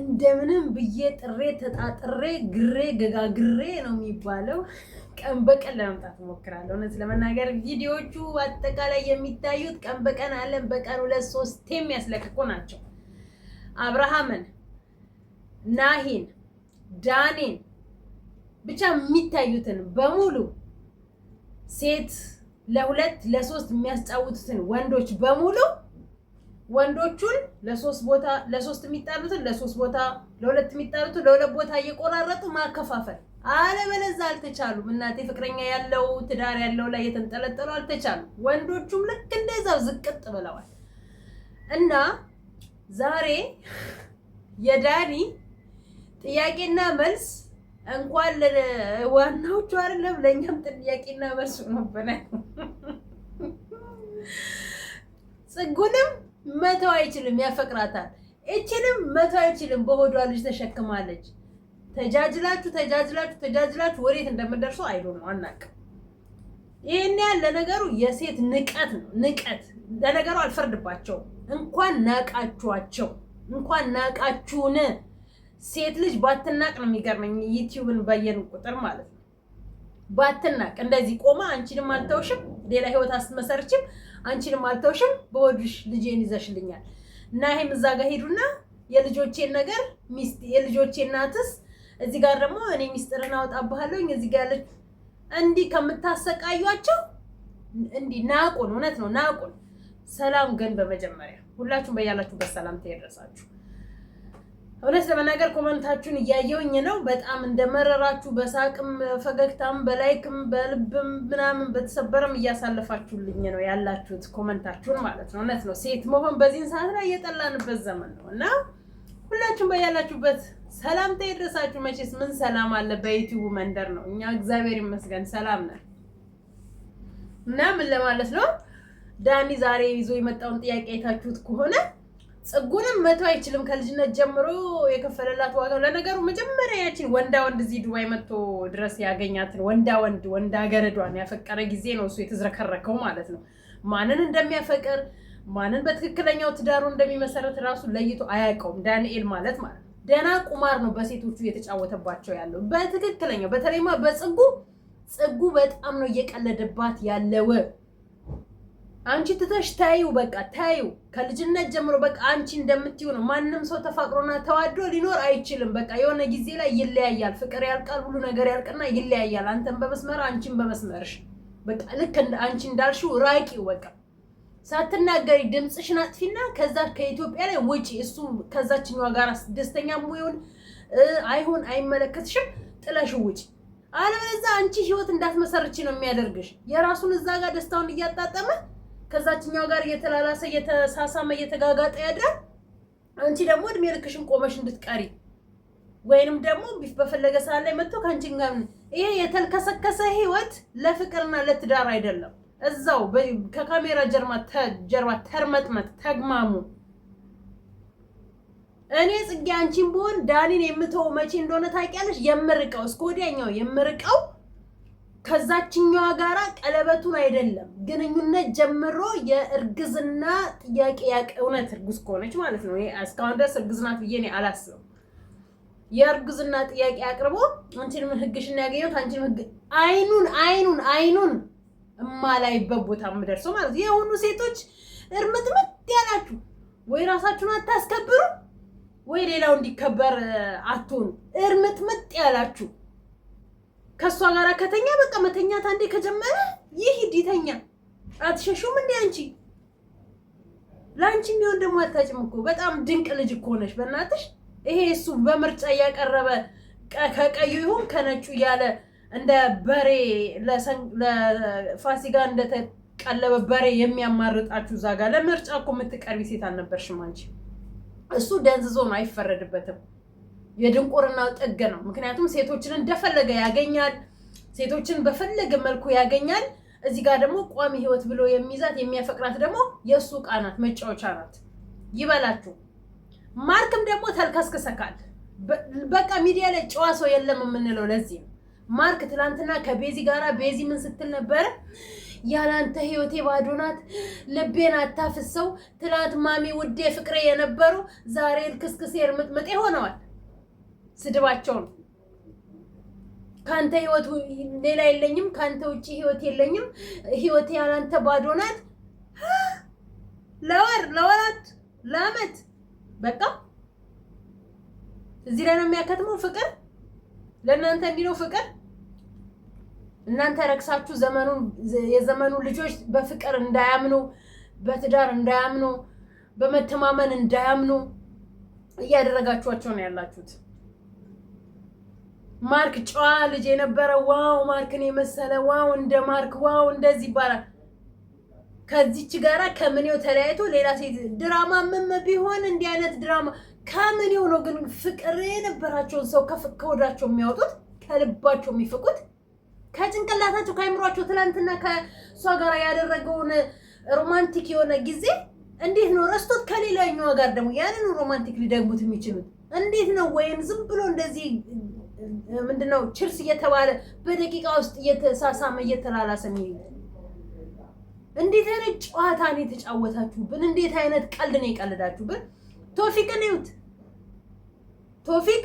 እንደምንም ብዬ ጥሬ ተጣጥሬ ግሬ ገጋግሬ ነው የሚባለው። ቀን በቀን ለመምጣት እሞክራለሁ። እውነት ለመናገር ቪዲዮቹ አጠቃላይ የሚታዩት ቀን በቀን አለን በቀን ሁለት ሶስት የሚያስለቅቁ ናቸው። አብርሃምን፣ ናሂን፣ ዳኔን ብቻ የሚታዩትን በሙሉ ሴት ለሁለት ለሶስት የሚያስጫውቱትን ወንዶች በሙሉ ወንዶቹን ለሶስት ቦታ ለሶስት የሚጣሉትን ለሶስት ቦታ ለሁለት የሚጣሉትን ለሁለት ቦታ እየቆራረጡ ማከፋፈል። አለበለዛ አልተቻሉም። እናቴ ፍቅረኛ ያለው ትዳር ያለው ላይ የተንጠለጠሉ አልተቻሉም። ወንዶቹም ልክ እንደዛው ዝቅጥ ብለዋል። እና ዛሬ የዳኒ ጥያቄና መልስ እንኳን ለዋናዎቹ አይደለም ለእኛም ጥያቄና መልስ ሆኖብናል። ጽጉንም መተው አይችልም፣ ያፈቅራታል። እችንም መተው አይችልም፣ በሆዷ ልጅ ተሸክማለች። ተጃጅላችሁ ተጃጅላችሁ ተጃጅላችሁ ወዴት እንደምደርሱ አይዶ ነው አናውቅም። ይህን ያህል ለነገሩ የሴት ንቀት ነው ንቀት። ለነገሩ አልፈርድባቸው እንኳን ናቃችኋቸው፣ እንኳን ናቃችሁን። ሴት ልጅ ባትናቅ ነው የሚገርመኝ። ዩቲዩብን ባየን ቁጥር ማለት ነው ባትናቅ እንደዚህ ቆማ አንቺንም አልተውሽም፣ ሌላ ህይወት አስመሰርችም አንቺንም አልተውሽም በወዱሽ ልጄን ይዘሽልኛል እና ይሄም እዛ ጋር ሄዱና የልጆቼን ነገር ሚስት የልጆቼ እናትስ እዚህ ጋር ደግሞ እኔ ሚስጥርን አወጣብሃለሁኝ እዚህ ጋር ያለች እንዲህ ከምታሰቃዩአቸው እንዲህ ናቁን። እውነት ነው ናቁን። ሰላም ግን በመጀመሪያ ሁላችሁም በያላችሁበት ሰላምታ ይድረሳችሁ። እውነት ለመናገር ኮመንታችሁን እያየውኝ ነው። በጣም እንደመረራችሁ በሳቅም ፈገግታም በላይክም በልብም ምናምን በተሰበረም እያሳለፋችሁልኝ ነው ያላችሁት ኮመንታችሁን ማለት ነው። እውነት ነው ሴት መሆን በዚህን ሰዓት ላይ እየጠላንበት ዘመን ነው እና ሁላችሁም በያላችሁበት ሰላምታ የደረሳችሁ። መቼስ ምን ሰላም አለ በዩቲዩብ መንደር ነው። እኛ እግዚአብሔር ይመስገን ሰላም ነን እና ምን ለማለት ነው ዳኒ ዛሬ ይዞ የመጣውን ጥያቄ አይታችሁት ከሆነ ጽጉንም መቶ አይችልም። ከልጅነት ጀምሮ የከፈለላት ዋጋው። ለነገሩ መጀመሪያ ያችን ወንዳ ወንድ እዚህ ዱባይ መጥቶ ድረስ ያገኛትን ወንዳ ወንድ ወንዳ ገረዷን ያፈቀረ ጊዜ ነው እሱ የተዝረከረከው ማለት ነው። ማንን እንደሚያፈቅር ማንን በትክክለኛው ትዳሩ እንደሚመሰረት ራሱ ለይቶ አያውቀውም። ዳንኤል ማለት ማለት ነው ደና ቁማር ነው በሴቶቹ እየተጫወተባቸው ያለው በትክክለኛው። በተለይማ በጽጉ ጽጉ በጣም ነው እየቀለደባት ያለው። አንቺ ትተሽ ታዩ በቃ ታዩ ከልጅነት ጀምሮ በቃ አንቺ እንደምትዩ ነው። ማንም ሰው ተፋቅሮና ተዋዶ ሊኖር አይችልም። በቃ የሆነ ጊዜ ላይ ይለያያል። ፍቅር ያልቃል፣ ሁሉ ነገር ያልቅና ይለያያል። አንተን በመስመር አንቺን በመስመርሽ በቃ ልክ አንቺ እንዳልሽው ራቂው በቃ ሳትናገሪ ድምፅሽን አጥፊና ከዛ ከኢትዮጵያ ላይ ውጪ። እሱ ከዛችኛዋ ጋር ደስተኛ ይሁን አይሁን አይመለከትሽም፣ ጥለሽ ውጪ። አለበለዚያ አንቺ ህይወት እንዳትመሰርች ነው የሚያደርግሽ። የራሱን እዛ ጋር ደስታውን እያጣጠመ ከዛችኛው ጋር እየተላላሰ እየተሳሳመ እየተጋጋጠ ያድራል። አንቺ ደግሞ እድሜ ልክሽን ቆመሽ እንድትቀሪ ወይንም ደግሞ በፈለገ ሰዓት ላይ መጥቶ ከአንቺ ጋር ይሄ የተልከሰከሰ ህይወት ለፍቅርና ለትዳር አይደለም። እዛው ከካሜራ ጀርባ ተርመጥመጥ ተግማሙ። እኔ ጽጌ አንቺን ብሆን ዳኒን የምተው መቼ እንደሆነ ታውቂያለሽ? የምርቀው እስከ ወዲያኛው የምርቀው ከዛችኛዋ ጋራ ቀለበቱን አይደለም ግንኙነት ጀምሮ የእርግዝና ጥያቄ እውነት እርጉዝ ከሆነች ማለት ነው። እስካሁን ድረስ እርግዝ ናት ብዬ እኔ አላስብም። የእርግዝና ጥያቄ አቅርቦ አንቺንም ህግሽን ያገኘሁት አንቺንም ህግ አይኑን አይኑን አይኑን እማላይበት ቦታ የምደርሰው ማለት ነው። ሁሉ ሴቶች እርምጥምጥ ያላችሁ ወይ ራሳችሁን አታስከብሩ ወይ ሌላው እንዲከበር አትሆኑ። እርምጥምጥ ያላችሁ ከእሷ ጋር ከተኛ በቃ መተኛት አንዴ ከጀመረ ይህ ይተኛ። አትሸሹም እንዴ አንቺ? ለአንቺ የሚሆን ደግሞ አታጭም እኮ በጣም ድንቅ ልጅ እኮ ነሽ። በእናትሽ ይሄ እሱ በምርጫ እያቀረበ ከቀዩ ይሁን ከነጩ ያለ እንደ በሬ ለፋሲካ እንደተቀለበ በሬ የሚያማርጣችሁ እዛ ጋር ለምርጫ እኮ የምትቀርቢ ሴት አልነበርሽም አንቺ። እሱ ደንዝዞ ነው አይፈረድበትም። የድንቁርና ጥግ ነው። ምክንያቱም ሴቶችን እንደፈለገ ያገኛል፣ ሴቶችን በፈለገ መልኩ ያገኛል። እዚህ ጋር ደግሞ ቋሚ ህይወት ብሎ የሚይዛት የሚያፈቅራት ደግሞ የእሱ ዕቃ ናት፣ መጫወቻ ናት። ይበላችሁ። ማርክም ደግሞ ተልከስክሰካል። በቃ ሚዲያ ላይ ጨዋ ሰው የለም የምንለው ለዚህ ነው። ማርክ ትናንትና ከቤዚ ጋራ ቤዚ ምን ስትል ነበረ? ያላንተ ህይወቴ ባዶ ናት፣ ልቤን አታፍሰው። ትላት ማሚ ውዴ ፍቅሬ የነበሩ ዛሬ ልክስክሴ እርምጥምጤ ሆነዋል። ስድባቸውን ከአንተ ህይወት ሌላ የለኝም፣ ከአንተ ውጭ ህይወት የለኝም፣ ህይወት ያላንተ ባዶ ናት። ለወር ለወራት ለአመት በቃ እዚህ ላይ ነው የሚያከትመው ፍቅር። ለእናንተ እንዲህ ነው ፍቅር። እናንተ ረክሳችሁ ዘመኑን የዘመኑ ልጆች በፍቅር እንዳያምኑ፣ በትዳር እንዳያምኑ፣ በመተማመን እንዳያምኑ እያደረጋችኋቸው ነው ያላችሁት። ማርክ ጨዋ ልጅ የነበረ ዋው ማርክን የመሰለ ዋው እንደ ማርክ ዋው እንደዚህ ይባላል። ከዚች ጋራ ከምኔው ተለያይቶ ሌላ ሴት ድራማ ምም ቢሆን እንዲህ አይነት ድራማ ከምኔው ነው ግን ፍቅር የነበራቸውን ሰው ከወዳቸው የሚያወጡት ከልባቸው የሚፍቁት ከጭንቅላታቸው ከአይምሯቸው ትናንትና ከእሷ ጋር ያደረገውን ሮማንቲክ የሆነ ጊዜ እንዴት ነው ረስቶት ከሌላኛዋ ጋር ደግሞ ያንን ሮማንቲክ ሊደግሙት የሚችሉት? እንዴት ነው ወይም ዝም ብሎ እንደዚህ ምንድነው ችርስ እየተባለ በደቂቃ ውስጥ እየተሳሳመ እየተላላሰ የሚሄድ? እንዴት አይነት ጨዋታ ነው የተጫወታችሁብን? እንዴት አይነት ቀልድ ነው የቀልዳችሁብን? ቶፊቅን ይዩት። ቶፊቅ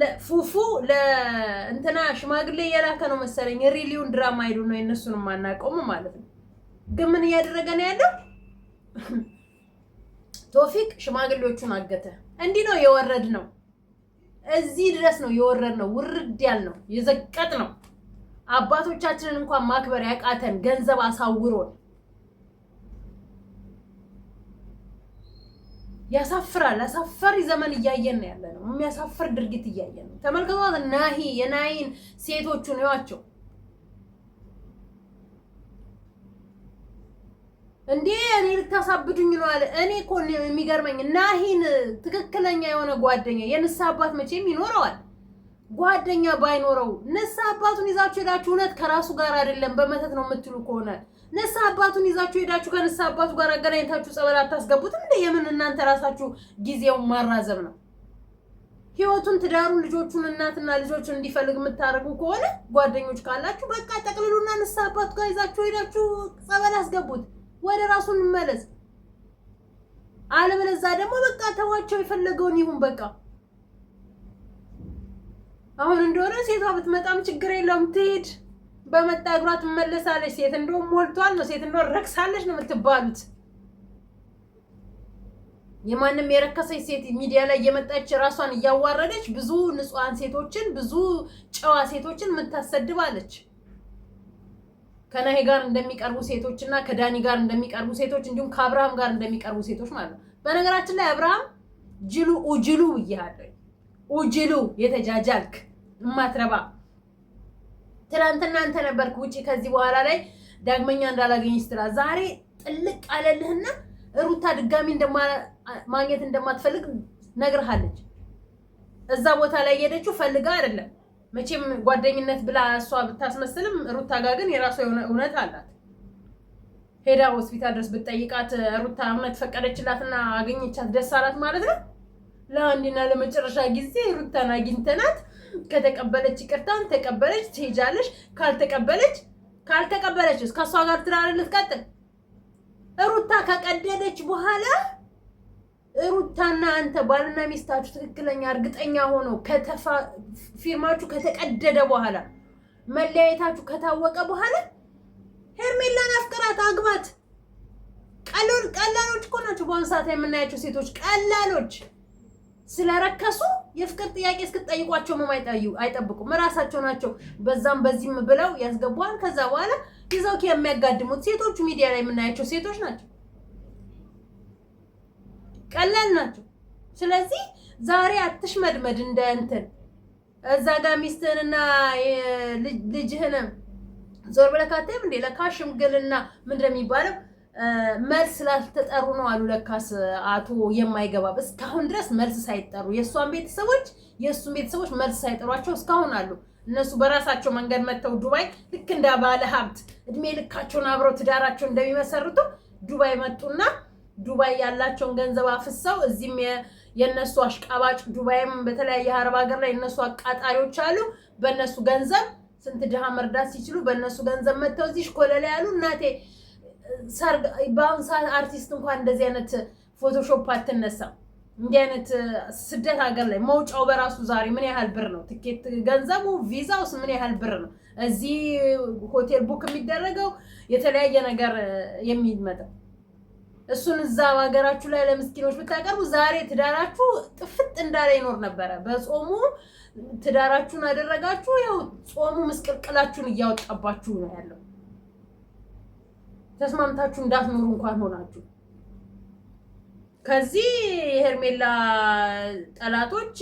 ለፉፉ ለእንትና ሽማግሌ እየላከ ነው መሰለኝ። ሪሊውን ድራማ ሄዱ ነው የእነሱን የማናቀውም ማለት ነው። ግን ምን እያደረገ ነው ያለው? ቶፊቅ ሽማግሌዎቹን አገተ። እንዲህ ነው የወረድ ነው። እዚህ ድረስ ነው የወረድ ነው። ውርድ ያል ነው የዘቀጥ ነው። አባቶቻችንን እንኳን ማክበር ያቃተን ገንዘብ አሳውሮን ያሳፍራል። አሳፋሪ ዘመን እያየን ነው ያለ ነው። የሚያሳፍር ድርጊት እያየን ነው። ተመልከቷት ናሂ የናሂን ሴቶቹን እዩዋቸው። እንዴ እኔ ልታሳብዱኝ ነው አለ። እኔ እኮ የሚገርመኝ ናሂን ትክክለኛ የሆነ ጓደኛ የንስሐ አባት መቼም ይኖረዋል። ጓደኛ ባይኖረው ንስሐ አባቱን ይዛችሁ ሄዳችሁ እውነት ከራሱ ጋር አይደለም በመተት ነው የምትሉ ከሆነ ንስሐ አባቱን ይዛችሁ ሄዳችሁ ከንስሐ አባቱ ጋር አገናኝታችሁ ጸበል አታስገቡት እንዴ? የምን እናንተ ራሳችሁ ጊዜውን ማራዘም ነው። ህይወቱን፣ ትዳሩን፣ ልጆቹን እናትና ልጆቹን እንዲፈልግ የምታደርጉ ከሆነ ጓደኞች ካላችሁ በቃ ጠቅልሉና ንስሐ አባቱ ጋር ይዛችሁ ሄዳችሁ ጸበል አስገቡት። ወደ ራሱ እንመለስ። አለበለዚያ ደግሞ በቃ ተዋቸው፣ የፈለገውን ይሁን በቃ። አሁን እንደሆነ ሴቷ ብትመጣም ችግር የለውም ትሄድ፣ በመጣ እግሯ ትመለሳለች። ሴት እንደውም ሞልቷል ነው፣ ሴት እንደውም ረክሳለች ነው የምትባሉት። የማንም የረከሰች ሴት ሚዲያ ላይ እየመጣች ራሷን እያዋረደች ብዙ ንጹሐን ሴቶችን ብዙ ጨዋ ሴቶችን የምታሰድባለች። ከናሄ ጋር እንደሚቀርቡ ሴቶች እና ከዳኒ ጋር እንደሚቀርቡ ሴቶች እንዲሁም ከአብርሃም ጋር እንደሚቀርቡ ሴቶች ማለት ነው። በነገራችን ላይ አብርሃም ጅሉ ኡጅሉ ብያለሁ። ኡጅሉ የተጃጃልክ እማትረባ ትናንትና አንተ ነበርክ ውጪ ከዚህ በኋላ ላይ ዳግመኛ እንዳላገኝ ስትላ ዛሬ ጥልቅ አለልህና ሩታ ድጋሚ ማግኘት እንደማትፈልግ ነግርሃለች። እዛ ቦታ ላይ የሄደችው ፈልጋ አይደለም። መቼም ጓደኝነት ብላ እሷ ብታስመስልም ሩታ ጋር ግን የራሷ የሆነ እውነት አላት። ሄዳ ሆስፒታል ድረስ ብትጠይቃት ሩታ እውነት ፈቀደችላትና አገኘቻት፣ ደስ አላት ማለት ነው። ለአንድና ለመጨረሻ ጊዜ ሩታን አግኝተናት ከተቀበለች ይቅርታን ተቀበለች፣ ትሄጃለች። ካልተቀበለች ካልተቀበለች ከእሷ ጋር ትራርነት ቀጥል ሩታ ከቀደደች በኋላ ሩታና አንተ ባልና ሚስታችሁ ትክክለኛ እርግጠኛ ሆኖ ፊርማችሁ ከተቀደደ በኋላ መለያየታችሁ ከታወቀ በኋላ ሄርሜላን አፍቅራት፣ አግባት። ቀላሎች እኮ ናቸው በአሁኑ ሰዓት የምናያቸው ሴቶች ቀላሎች ስለረከሱ የፍቅር ጥያቄ እስክትጠይቋቸው ምም አይጠብቁም። ራሳቸው ናቸው በዛም በዚህም ብለው ያስገቧል። ከዛ በኋላ ይዘው የሚያጋድሙት ሴቶቹ ሚዲያ ላይ የምናያቸው ሴቶች ናቸው። ቀላል ናቸው። ስለዚህ ዛሬ አትሽመድመድ እንደ እንትን እዛ ጋር ሚስትህንና ልጅህን ዞር ብለህ እንደ ለካ ሽምግልና ምንድን የሚባለው መልስ ስላልተጠሩ ነው አሉ። ለካስ አቶ የማይገባ እስካሁን ድረስ መልስ ሳይጠሩ የእሷን ቤተሰቦች የእሱን ቤተሰቦች መልስ ሳይጠሯቸው እስካሁን አሉ። እነሱ በራሳቸው መንገድ መጥተው ዱባይ ልክ እንደ ባለ ሀብት እድሜ ልካቸውን አብረው ትዳራቸውን እንደሚመሰርቱ ዱባይ መጡና ዱባይ ያላቸውን ገንዘብ አፍሰው እዚህም የእነሱ አሽቃባጭ ዱባይም በተለያየ አረብ ሀገር ላይ የእነሱ አቃጣሪዎች አሉ። በእነሱ ገንዘብ ስንት ድሃ መርዳት ሲችሉ በእነሱ ገንዘብ መጥተው እዚህ ሽኮለላ ያሉ እናቴ ሰርግ በአሁን ሰዓት አርቲስት እንኳን እንደዚህ አይነት ፎቶሾፕ አትነሳም። እንዲህ አይነት ስደት ሀገር ላይ መውጫው በራሱ ዛሬ ምን ያህል ብር ነው? ትኬት ገንዘቡ፣ ቪዛውስ ምን ያህል ብር ነው? እዚህ ሆቴል ቡክ የሚደረገው የተለያየ ነገር የሚመጣው እሱን እዛ ሀገራችሁ ላይ ለምስኪኖች ብታቀርቡ ዛሬ ትዳራችሁ ጥፍጥ እንዳለ ይኖር ነበረ። በጾሙ ትዳራችሁን አደረጋችሁ። ያው ጾሙ ምስቅልቅላችሁን እያወጣባችሁ ነው ያለው። ተስማምታችሁ እንዳትኖሩ እንኳን ሆናችሁ ከዚህ የሄርሜላ ጠላቶች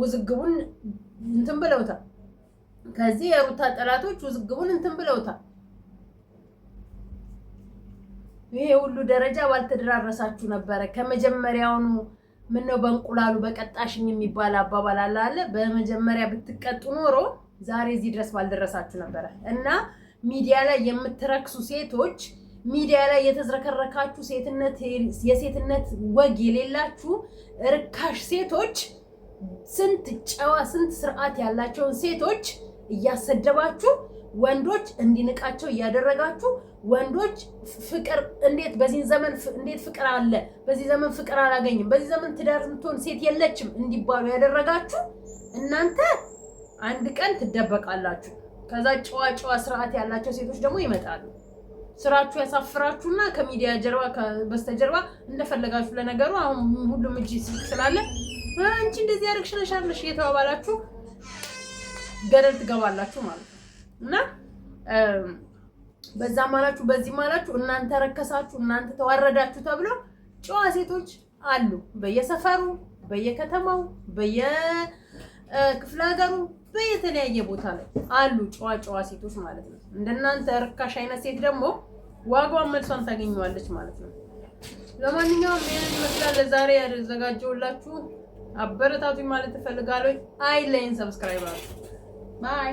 ውዝግቡን እንትን ብለውታል። ከዚህ የሩታ ጠላቶች ውዝግቡን እንትን ብለውታል። ይሄ ሁሉ ደረጃ ባልተደራረሳችሁ ነበረ። ከመጀመሪያውኑ ነው በእንቁላሉ በቀጣሽኝ የሚባል አባባል አለ አለ። በመጀመሪያ ብትቀጡ ኖሮ ዛሬ እዚህ ድረስ ባልደረሳችሁ ነበረ። እና ሚዲያ ላይ የምትረክሱ ሴቶች፣ ሚዲያ ላይ የተዝረከረካችሁ ሴትነት፣ የሴትነት ወግ የሌላችሁ ርካሽ ሴቶች፣ ስንት ጨዋ ስንት ስርዓት ያላቸውን ሴቶች እያሰደባችሁ ወንዶች እንዲንቃቸው እያደረጋችሁ ወንዶች ፍቅር እንዴት በዚህ ዘመን እንዴት ፍቅር አለ፣ በዚህ ዘመን ፍቅር አላገኝም፣ በዚህ ዘመን ትዳር የምትሆን ሴት የለችም እንዲባሉ ያደረጋችሁ እናንተ አንድ ቀን ትደበቃላችሁ። ከዛ ጨዋ ጨዋ ስርዓት ያላቸው ሴቶች ደግሞ ይመጣሉ። ስራችሁ ያሳፍራችሁና ከሚዲያ ጀርባ በስተጀርባ እንደፈለጋችሁ። ለነገሩ አሁን ሁሉም እጅ ስላለ አንቺ እንደዚህ ያደርግሽነሻለሽ እየተባባላችሁ ገደል ትገባላችሁ ማለት ነው። እና በዛ አላችሁ በዚህ አላችሁ እናንተ ረከሳችሁ፣ እናንተ ተዋረዳችሁ ተብሎ ጨዋ ሴቶች አሉ በየሰፈሩ በየከተማው በየክፍለ ሀገሩ በየተለያየ ቦታ ላይ አሉ ጨዋ ጨዋ ሴቶች ማለት ነው። እንደናንተ ርካሽ አይነት ሴት ደግሞ ዋጋዋን መልሷን ታገኘዋለች ማለት ነው። ለማንኛውም ይህንን ይመስላል ለዛሬ ያዘጋጀውላችሁ። አበረታቱኝ ማለት እፈልጋለሁ። አይ ላይን ሰብስክራይብ አድርጉ። ባይ